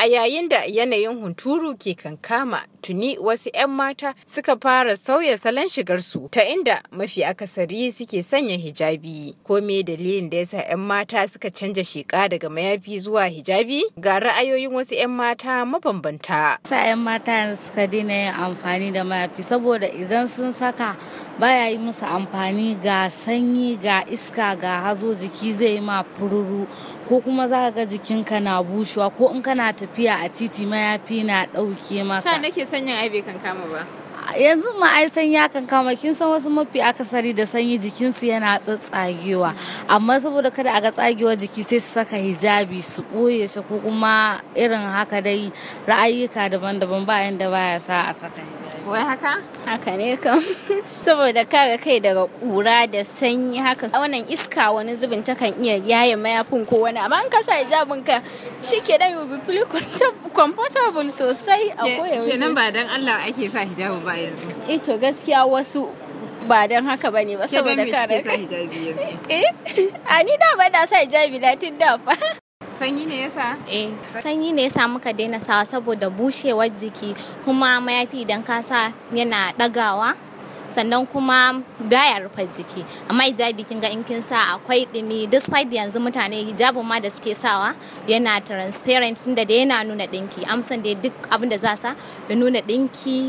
A yayin da yanayin hunturu ke kankama tuni wasu 'yan mata suka fara sauya salon shigarsu ta inda mafi akasari suke sanya hijabi. Ko me dalilin da yasa 'yan mata suka canja sheka daga mayafi zuwa hijabi? Ga ra'ayoyin wasu 'yan mata mabambanta. Sa 'yan mata suka daina yin amfani da mayafi saboda idan sun saka baya yi musu amfani ga sanyi ga iska ga hazo jiki zai yi ma fururu ko kuma za ga jikinka na bushewa ko in kana tafiya a titi mayafi na ɗauke maka. Sa nake sanyin ai bai kankama ba. yanzu ma ai sanyi ya kan kama kin san wasu mafi akasari da sanyi jikinsu yana tsatsagewa amma saboda kada a ga tsagewa jiki sai su saka hijabi su ɓoye shi ko kuma irin haka dai ra'ayika daban-daban ba yanda baya sa a saka hijabi wai haka haka ne kam saboda kare kai daga kura da sanyi haka wannan iska wani zubin ta kan iya yaye mayafin ko wani amma An kasa sa hijabin ka shike dan you be comfortable sosai a koyaushe kenan ba dan Allah ake sa hijabi ba yanzu eh to gaskiya wasu ba don haka ba ne ba saboda kare kai. Eh, a ni da ba da sa hijabi tun da fa. sanyi ne yasa eh sanyi ne yasa muka daina sa saboda bushewar jiki kuma mayafi idan ka sa yana dagawa sannan kuma baya rufe jiki amma hijabi kin ga in kin sa akwai dumi despite yanzu mutane hijabin ma da suke sawa yana transparent tunda da yana nuna dinki amsan da duk abin da za sa ya nuna dinki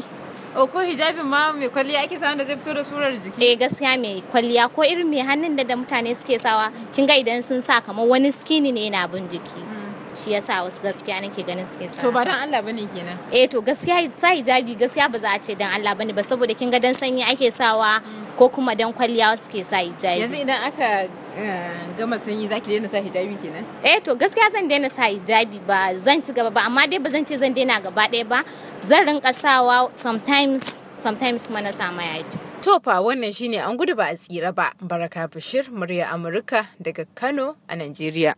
o oh, ko hijabin ma mai kwalliya ake sawa da zai fito da surar jiki eh gaskiya mai kwalliya ko irin mai hannun da mutane suke sawa kin ga idan sun sa kamar wani skini ne yana bin jiki hmm. shi yasa wasu gaskiya nake ganin suke sa to ba dan Allah bane kenan eh to gaskiya sa hijabi gaskiya ba za a ce dan Allah bane ba saboda kin ga dan sanyi ake sawa hmm. ko kuma dan kwalliya suke sa hijabi yanzu idan aka eh, gama sanyi zaki daina sa hijabi kenan eh to gaskiya zan daina sa hijabi ba zan ci gaba ba amma dai ba zan ce zan daina gaba ɗaya ba zan rinka sawa sometimes sometimes mana sa mayafi to fa wannan shine an gudu ba a tsira ba baraka bashir murya amurka daga kano a najeriya